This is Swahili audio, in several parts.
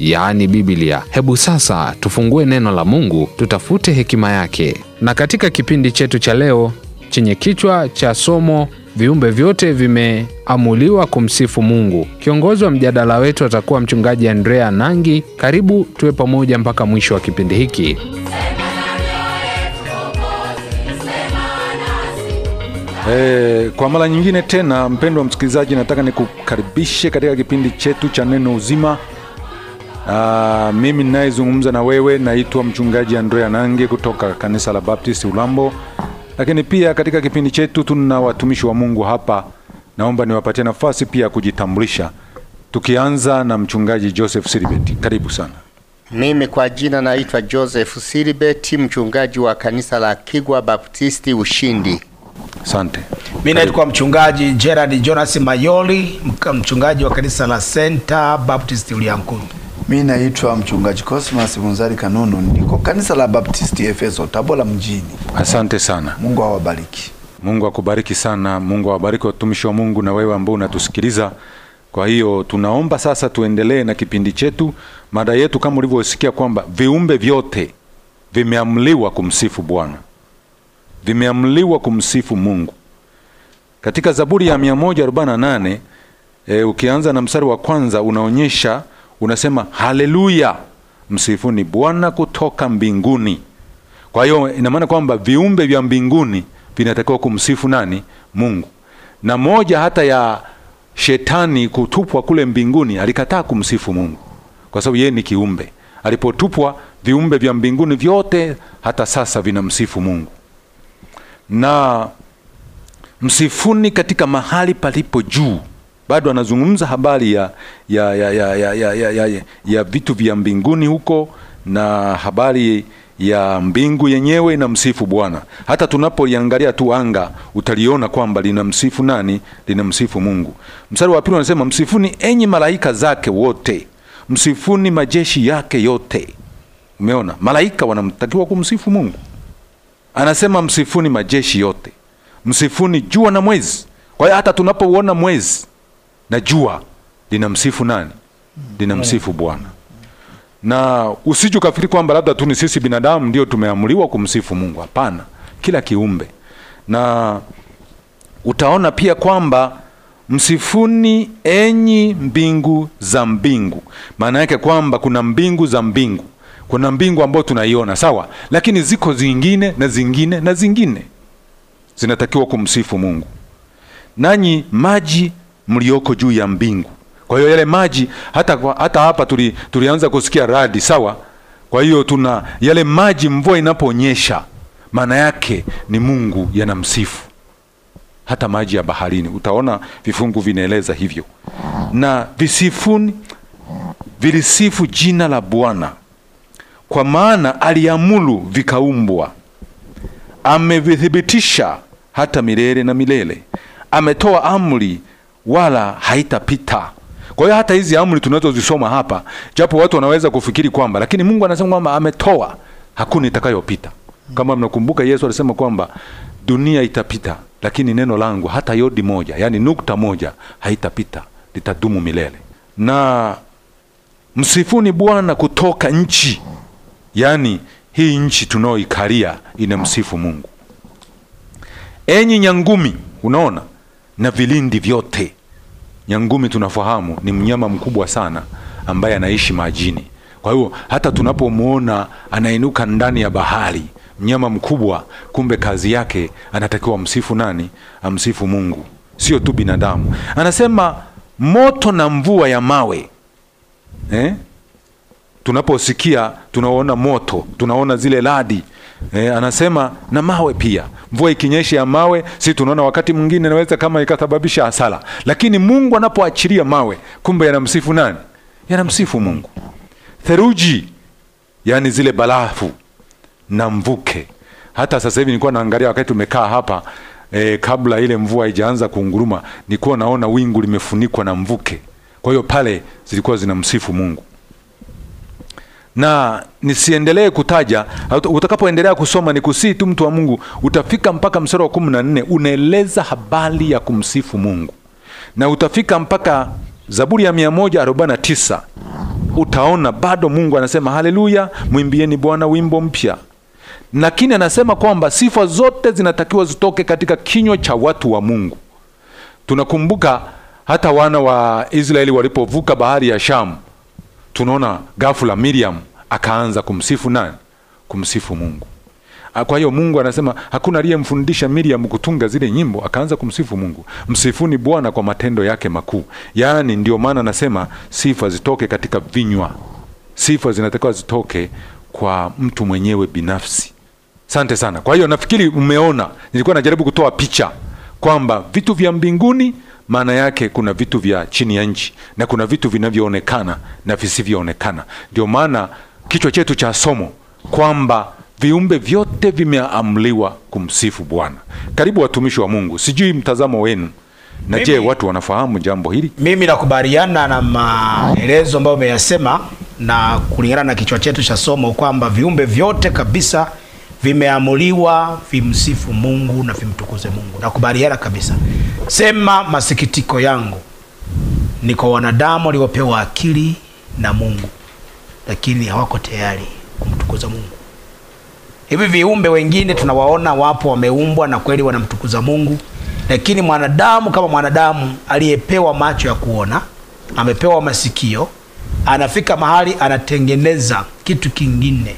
yaani Biblia. Hebu sasa tufungue neno la Mungu, tutafute hekima yake. Na katika kipindi chetu cha leo chenye kichwa cha somo viumbe vyote vimeamuliwa kumsifu Mungu. Kiongozi wa mjadala wetu atakuwa mchungaji Andrea Nangi. Karibu tuwe pamoja mpaka mwisho wa kipindi hiki. Eh, kwa mara nyingine tena mpendwa msikilizaji, nataka nikukaribishe katika kipindi chetu cha neno uzima Uh, mimi ninayezungumza na wewe naitwa mchungaji Andrea Nange kutoka kanisa la Baptist Ulambo, lakini pia katika kipindi chetu tuna watumishi wa Mungu hapa. Naomba niwapatie nafasi pia kujitambulisha, tukianza na mchungaji Joseph Silibeti. Karibu sana. Mimi kwa jina naitwa Joseph Silibeti, mchungaji wa kanisa la Kigwa Baptist Ushindi. Asante. Mimi naitwa mchungaji Gerard Jonas Mayoli, mchungaji wa kanisa la Center Baptist Uliankuru. Mi naitwa mchungaji Cosmas Munzari Kanunu, niko kanisa la Baptisti Efeso, Tabora mjini. Asante sana, Mungu awabariki. Mungu akubariki sana, Mungu awabariki watumishi wa Mungu na wewe ambao unatusikiliza. Kwa hiyo tunaomba sasa tuendelee na kipindi chetu. Mada yetu kama ulivyosikia kwamba viumbe vyote vimeamliwa kumsifu Bwana, vimeamliwa kumsifu Mungu. Katika Zaburi ya 148 e, eh, ukianza na mstari wa kwanza unaonyesha unasema haleluya, msifuni Bwana kutoka mbinguni. Kwa hiyo ina maana kwamba viumbe vya mbinguni vinatakiwa kumsifu nani? Mungu. Na moja hata ya shetani kutupwa kule mbinguni, alikataa kumsifu Mungu kwa sababu yeye ni kiumbe. Alipotupwa, viumbe vya mbinguni vyote hata sasa vinamsifu Mungu. Na msifuni katika mahali palipo juu bado anazungumza habari ya, ya, ya, ya, ya, ya, ya, ya, ya vitu vya mbinguni huko na habari ya mbingu yenyewe na msifu Bwana. Hata tunapoiangalia tu anga utaliona kwamba lina msifu nani? lina msifu Mungu. Mstari wa pili unasema msifuni enyi malaika zake wote, msifuni majeshi yake yote. Umeona, malaika wanamtakiwa kumsifu Mungu. Anasema msifuni majeshi yote, msifuni jua na mwezi. Kwa hiyo hata tunapouona mwezi na jua linamsifu nani? Linamsifu Bwana. Na usiji ukafikiri kwamba labda tu ni sisi binadamu ndio tumeamuliwa kumsifu Mungu. Hapana, kila kiumbe. Na utaona pia kwamba msifuni enyi mbingu za mbingu, maana yake kwamba kuna mbingu za mbingu, kuna mbingu ambayo tunaiona sawa, lakini ziko zingine na zingine na zingine, zinatakiwa kumsifu Mungu. Nanyi maji mlioko juu ya mbingu. Kwa hiyo yale maji hata, hata hapa tuli, tulianza kusikia radi sawa. Kwa hiyo tuna yale maji, mvua inaponyesha maana yake ni Mungu yanamsifu, hata maji ya baharini. Utaona vifungu vinaeleza hivyo, na visifuni vilisifu jina la Bwana kwa maana aliamulu vikaumbwa, amevithibitisha hata milele na milele, ametoa amri wala haitapita. Kwa hiyo hata hizi amri tunazozisoma hapa, japo watu wanaweza kufikiri kwamba, lakini Mungu anasema kwamba ametoa, hakuna itakayopita. Kama mnakumbuka, Yesu alisema kwamba dunia itapita, lakini neno langu hata yodi moja, yani nukta moja haitapita, litadumu milele. Na msifuni Bwana kutoka nchi, yani hii nchi tunaoikalia ina msifu Mungu. Enyi nyangumi, unaona na vilindi vyote. Nyangumi tunafahamu ni mnyama mkubwa sana ambaye anaishi majini. Kwa hiyo hata tunapomwona anainuka ndani ya bahari, mnyama mkubwa, kumbe kazi yake anatakiwa msifu nani? Amsifu Mungu, sio tu binadamu. Anasema moto na mvua ya mawe eh? Tunaposikia tunaona moto, tunaona zile radi E, anasema na mawe pia. Mvua ikinyesha ya mawe, si tunaona wakati mwingine inaweza kama ikasababisha hasara, lakini Mungu anapoachilia mawe, kumbe yanamsifu nani? Yanamsifu Mungu. Theruji, yani zile barafu na mvuke. Hata sasa hivi nilikuwa naangalia wakati tumekaa hapa e, kabla ile mvua haijaanza kunguruma, nilikuwa naona wingu limefunikwa na mvuke. Kwa hiyo pale zilikuwa zinamsifu Mungu na nisiendelee kutaja. Utakapoendelea kusoma, ni kusii tu mtu wa Mungu, utafika mpaka mstari wa kumi na nne unaeleza habari ya kumsifu Mungu, na utafika mpaka Zaburi ya tisa utaona bado Mungu anasema haleluya, mwimbieni Bwana wimbo mpya, lakini anasema kwamba sifa zote zinatakiwa zitoke katika kinywa cha watu wa Mungu. Tunakumbuka hata wana wa Israeli walipovuka bahari ya Shamu, tunaona ghafla Miriam akaanza kumsifu nani? Kumsifu Mungu. Kwa hiyo Mungu anasema hakuna aliyemfundisha Miriam kutunga zile nyimbo, akaanza kumsifu Mungu. Msifuni Bwana kwa matendo yake makuu. Yaani ndio maana anasema sifa zitoke katika vinywa, sifa zinatakiwa zitoke kwa mtu mwenyewe binafsi. Sante sana. Kwa hiyo nafikiri umeona, nilikuwa najaribu kutoa picha kwamba vitu vya mbinguni maana yake kuna vitu vya chini ya nchi na kuna vitu vinavyoonekana na visivyoonekana, ndio maana kichwa chetu cha somo kwamba viumbe vyote vimeamliwa kumsifu Bwana. Karibu watumishi wa Mungu, sijui mtazamo wenu na je, watu wanafahamu jambo hili? Mimi nakubaliana na maelezo ambayo umeyasema na kulingana na kichwa chetu cha somo kwamba viumbe vyote kabisa vimeamuliwa vimsifu Mungu na vimtukuze Mungu. Nakubaliana kabisa. Sema masikitiko yangu ni kwa wanadamu waliopewa akili na Mungu lakini hawako tayari kumtukuza mungu hivi viumbe wengine tunawaona wapo wameumbwa na kweli wanamtukuza mungu lakini mwanadamu kama mwanadamu aliyepewa macho ya kuona amepewa masikio anafika mahali anatengeneza kitu kingine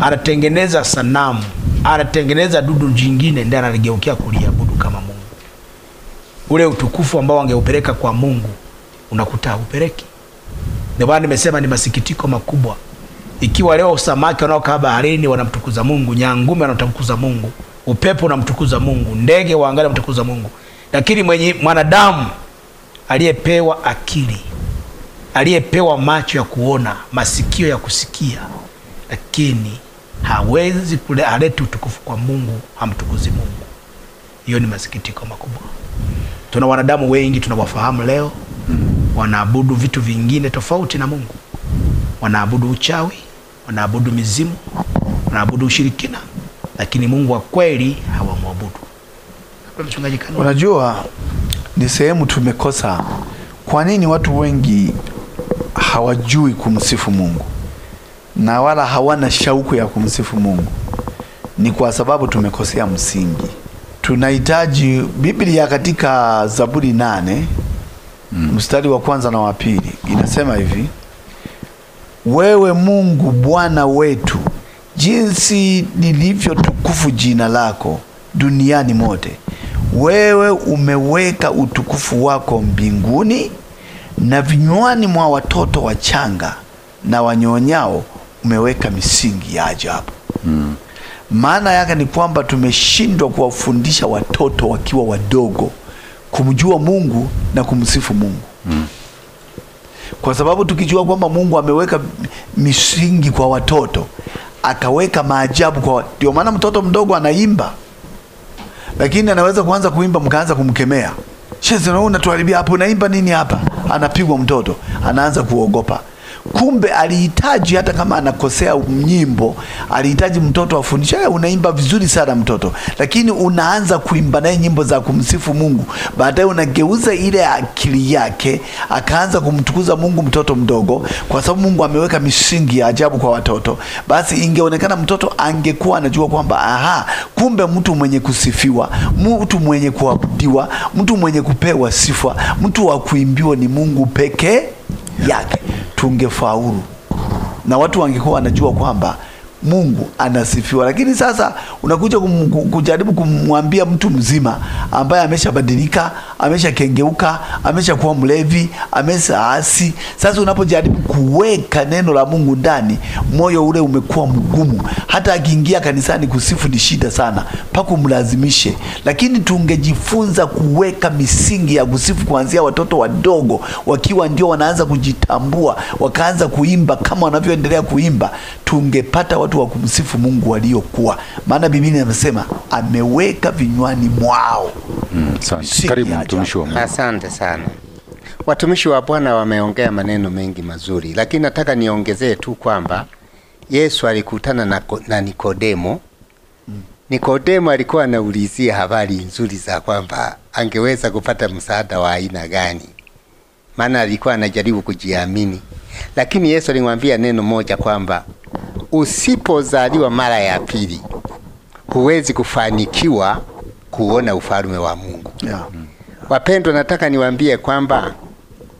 anatengeneza sanamu anatengeneza dudu jingine ndi analigeukia kuliabudu kama mungu ule utukufu ambao angeupeleka kwa mungu unakuta haupeleki ndio maana nimesema ni masikitiko makubwa, ikiwa leo samaki wanaokaa baharini wanamtukuza Mungu, nyangume wanamtukuza Mungu, upepo unamtukuza Mungu, ndege waangalia wanamtukuza Mungu, lakini mwenye mwanadamu aliyepewa akili, aliyepewa macho ya kuona, masikio ya kusikia, lakini hawezi alete utukufu kwa Mungu, hamtukuzi Mungu. Hiyo ni masikitiko makubwa. Tuna wanadamu wengi tunawafahamu leo wanaabudu vitu vingine tofauti na Mungu, wanaabudu uchawi, wanaabudu mizimu, wanaabudu ushirikina, lakini Mungu wa kweli hawamwabudu. unajua ni sehemu tumekosa. Kwa nini watu wengi hawajui kumsifu Mungu na wala hawana shauku ya kumsifu Mungu? Ni kwa sababu tumekosea msingi. Tunahitaji Biblia katika Zaburi nane mm. mstari wa kwanza na wa pili inasema hivi, wewe Mungu Bwana wetu, jinsi lilivyo tukufu jina lako duniani mote, wewe umeweka utukufu wako mbinguni, na vinywani mwa watoto wachanga na wanyonyao umeweka misingi ya ajabu. Hmm. Maana mm. yake ni kwamba tumeshindwa kuwafundisha watoto wakiwa wadogo kumjua Mungu na kumsifu Mungu mm. Kwa sababu tukijua kwamba Mungu ameweka misingi kwa watoto, akaweka maajabu kwa, ndio maana mtoto mdogo anaimba, lakini anaweza kuanza kuimba mkaanza kumkemea, shezi, unatuharibia hapo, unaimba nini hapa? Anapigwa mtoto, anaanza kuogopa. Kumbe alihitaji hata kama anakosea mnyimbo, alihitaji mtoto afundishe. Unaimba vizuri sana mtoto, lakini unaanza kuimba naye nyimbo za kumsifu Mungu, baadaye unageuza ile akili yake, akaanza kumtukuza Mungu mtoto mdogo, kwa sababu Mungu ameweka misingi ya ajabu kwa watoto. Basi ingeonekana mtoto angekuwa anajua kwamba aha, kumbe mtu mwenye kusifiwa, mtu mwenye kuabudiwa, mtu mwenye kupewa sifa, mtu wa kuimbiwa ni Mungu pekee yake tungefaulu na watu wangekuwa wanajua kwamba Mungu anasifiwa. Lakini sasa unakuja kujaribu kumwambia mtu mzima ambaye ameshabadilika ameshakengeuka, ameshakuwa mlevi, ameshaasi. Sasa unapojaribu kuweka neno la Mungu ndani, moyo ule umekuwa mgumu, hata akiingia kanisani kusifu ni shida sana, mpaka umlazimishe. Lakini tungejifunza kuweka misingi ya kusifu kuanzia watoto wadogo, wakiwa ndio wanaanza kujitambua, wakaanza kuimba kama wanavyoendelea kuimba, tungepata watu wa kumsifu Mungu waliokuwa, maana Biblia inasema ameweka vinywani mwao. Mm, watumishi wa Mungu. Asante sana. Watumishi wa Bwana wameongea maneno mengi mazuri, lakini nataka niongezee tu kwamba Yesu alikutana na, na Nikodemo Nikodemo alikuwa anaulizia habari nzuri za kwamba angeweza kupata msaada wa aina gani, maana alikuwa anajaribu kujiamini, lakini Yesu alimwambia neno moja kwamba usipozaliwa mara ya pili huwezi kufanikiwa kuona ufalme wa Mungu yeah. Mm. Wapendwa, nataka niwaambie kwamba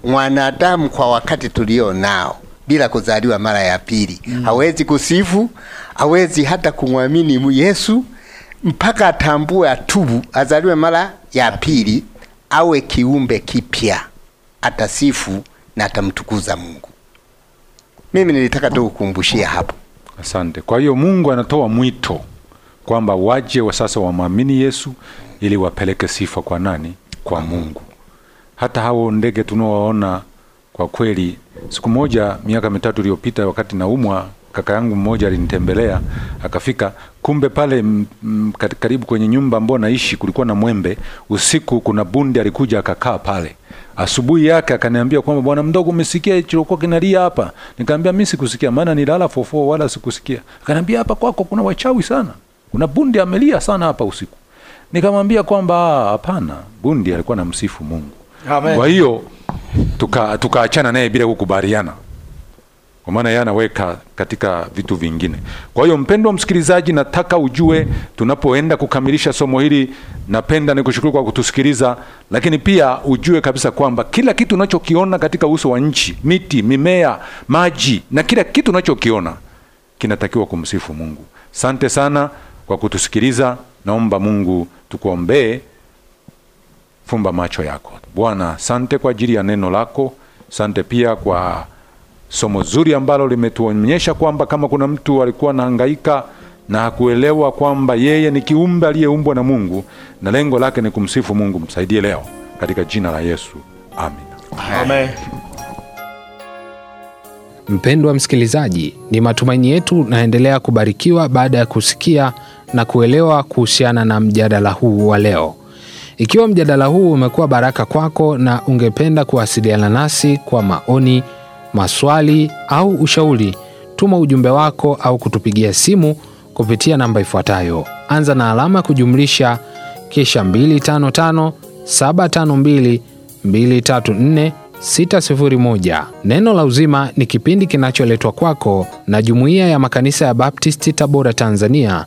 mwanadamu kwa wakati tulio nao bila kuzaliwa mara ya pili mm. hawezi kusifu, hawezi hata kumwamini Yesu mpaka atambue, atubu, azaliwe mara ya pili, awe kiumbe kipya, atasifu na atamtukuza Mungu. Mimi nilitaka tu kukumbushia hapo. Asante. Kwa hiyo Mungu anatoa mwito kwamba waje wa sasa wamwamini Yesu ili wapeleke sifa kwa nani? kwa Mungu. Hata hao ndege tunaowaona kwa kweli, siku moja miaka mitatu iliyopita, wakati naumwa, kaka yangu mmoja alinitembelea akafika. Kumbe pale karibu kwenye nyumba ambayo naishi kulikuwa na mwembe. Usiku kuna bundi alikuja akakaa pale. Asubuhi yake akaniambia kwamba bwana mdogo, umesikia ilichokuwa kinalia hapa? Nikamwambia mimi sikusikia, maana nilala fofo wala sikusikia. Akaniambia hapa kwako kuna wachawi sana, kuna bundi amelia sana hapa usiku. Nikamwambia kwamba ah, hapana, bundi alikuwa na msifu Mungu. Amen. Kwa hiyo tukaachana tuka naye bila kukubaliana, kwa maana yeye anaweka katika vitu vingine. Kwa hiyo mpendwa msikilizaji, nataka ujue tunapoenda kukamilisha somo hili, napenda nikushukuru kwa kutusikiliza, lakini pia ujue kabisa kwamba kila kitu unachokiona katika uso wa nchi, miti, mimea, maji na kila kitu unachokiona kinatakiwa kumsifu Mungu. Sante sana kwa kutusikiliza. Naomba Mungu tukuombee, fumba macho yako. Bwana, sante kwa ajili ya neno lako, sante pia kwa somo zuri ambalo limetuonyesha kwamba kama kuna mtu alikuwa anahangaika na hakuelewa kwamba yeye ni kiumbe aliyeumbwa na Mungu na lengo lake ni kumsifu Mungu, msaidie leo katika jina la Yesu, amen, amen. Mpendwa msikilizaji, ni matumaini yetu naendelea kubarikiwa baada ya kusikia na kuelewa kuhusiana na mjadala huu wa leo. Ikiwa mjadala huu umekuwa baraka kwako na ungependa kuwasiliana nasi kwa maoni, maswali au ushauri, tuma ujumbe wako au kutupigia simu kupitia namba ifuatayo: anza na alama kujumlisha kisha 255 Neno la Uzima ni kipindi kinacholetwa kwako na Jumuiya ya Makanisa ya Baptisti Tabora, Tanzania